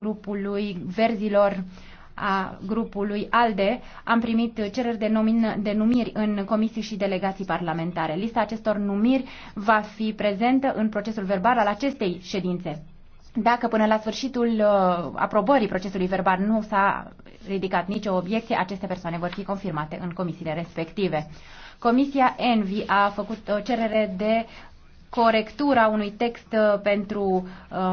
grupului verzilor a grupului ALDE, am primit cereri de, nomin, de numiri în comisii și delegații parlamentare. Lista acestor numiri va fi prezentă în procesul verbal al acestei ședințe. Dacă până la sfârșitul uh, aprobării procesului verbal nu s-a ridicat nicio obiecție, aceste persoane vor fi confirmate în comisiile respective. Comisia ENVI a făcut o uh, cerere de corectura unui text uh, pentru uh,